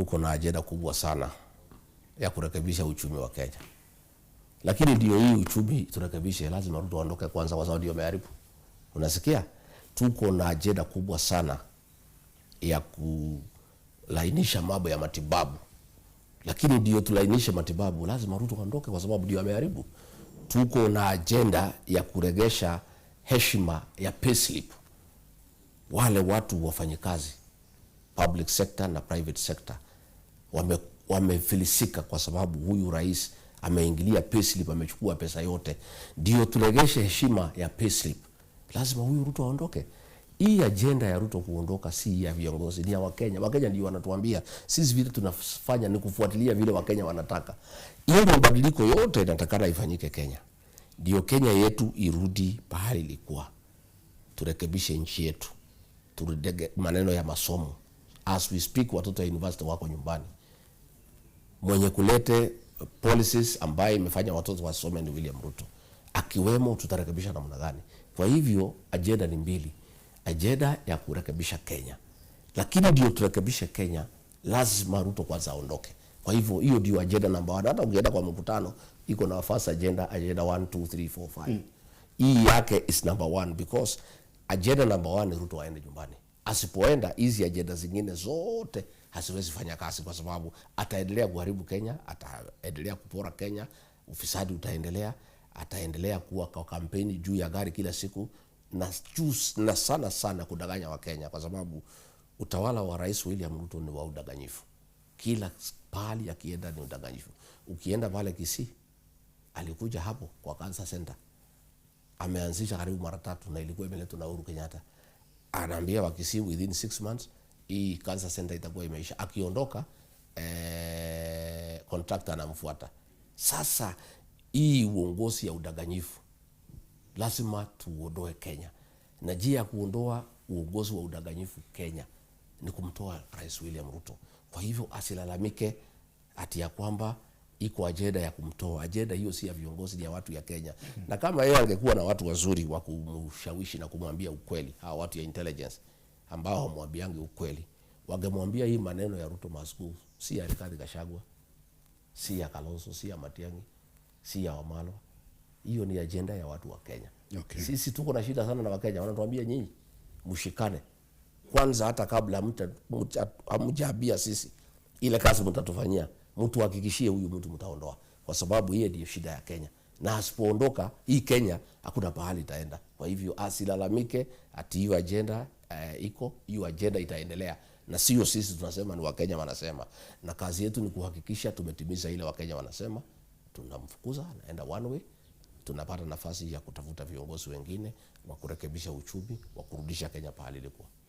tuko na ajenda kubwa sana ya kurekebisha uchumi wa Kenya, lakini ndio hii uchumi turekebishe, lazima Ruto aondoke kwanza, wazao ndio wameharibu. Unasikia, tuko na ajenda kubwa sana ya kulainisha mambo ya matibabu, lakini ndio tulainishe matibabu, lazima Ruto aondoke kwa sababu ndio wameharibu. Tuko na ajenda ya kuregesha heshima ya payslip, wale watu wafanyikazi public sector na private sector wame, wamefilisika kwa sababu huyu rais ameingilia payslip, amechukua pesa yote. Ndio turegeshe heshima ya payslip, lazima huyu Ruto aondoke. Hii ajenda ya Ruto kuondoka si ya viongozi, ni ya Wakenya. Wakenya ndio wanatuambia sisi, vile tunafanya ni kufuatilia vile Wakenya wanataka. Hiyo mabadiliko yote inatakana ifanyike Kenya, ndio Kenya yetu irudi pahali ilikuwa. Turekebishe nchi yetu, turudege maneno ya masomo. As we speak, watoto wa university wako nyumbani mwenye kulete policies ambaye imefanya watoto wasome ni William Ruto, akiwemo tutarekebisha namna gani. Kwa hivyo ajenda ni mbili, ajenda ya kurekebisha Kenya, lakini ndio turekebishe Kenya lazima Ruto kwanza aondoke. Kwa hivyo hiyo ndio ajenda namba 1. Hata ukienda kwa mkutano iko na first agenda, agenda 1 2 3 4 5 hii yake is number 1 because agenda namba 1 Ruto aende nyumbani. Asipoenda hizi ajenda zingine zote haziwezi fanya kazi, kwa sababu ataendelea kuharibu Kenya, ataendelea kupora Kenya, ufisadi utaendelea, ataendelea kuwa kwa kampeni juu ya gari kila siku na, chus, na sana sana kudanganya Wakenya, kwa sababu utawala wa Rais William Ruto ni wa udanganyifu. Kila pahali akienda ni udanganyifu. Ukienda pale Kisii, alikuja hapo kwa Cancer Center ameanzisha karibu mara tatu na ilikuwa imeletwa na Uhuru Kenyatta, anaambia Wakisii within six months hii kansa senta itakuwa imeisha. Akiondoka eh, anamfuata. Sasa hii uongozi ya udanganyifu lazima tuondoe Kenya, na njia ya kuondoa uongozi wa udanganyifu Kenya ni kumtoa Rais William Ruto. Kwa hivyo asilalamike ati ya kwamba iko ajenda ya kumtoa. Ajenda hiyo si ya viongozi, ni ya watu ya Kenya. Na kama yeye angekuwa na watu wazuri wa kumshawishi na kumwambia ukweli, hawa watu ya intelligence ambao hawamwambiangi ukweli. Wangemwambia hii maneno ya Ruto Masuku si ya Rigathi Gachagua, si ya Kalonzo, si ya Matiang'i, si ya Wamalwa. Hiyo ni ajenda ya watu wa Kenya. Okay. Sisi tuko na shida sana na Wakenya, wanatuambia nyinyi mshikane kwanza, hata kabla hamjaambia sisi ile kazi mtatufanyia, mtu hakikishie huyu mtu mtaondoa, kwa sababu hiyo ndiyo shida ya Kenya, na asipoondoka hii Kenya hakuna pahali itaenda. Kwa hivyo asilalamike ati hiyo ajenda uh, iko hiyo ajenda itaendelea, na sio sisi tunasema, ni Wakenya wanasema, na kazi yetu ni kuhakikisha tumetimiza ile Wakenya wanasema. Tunamfukuza, naenda one way, tunapata nafasi ya kutafuta viongozi wengine wa kurekebisha uchumi wa kurudisha Kenya pahali ilikuwa.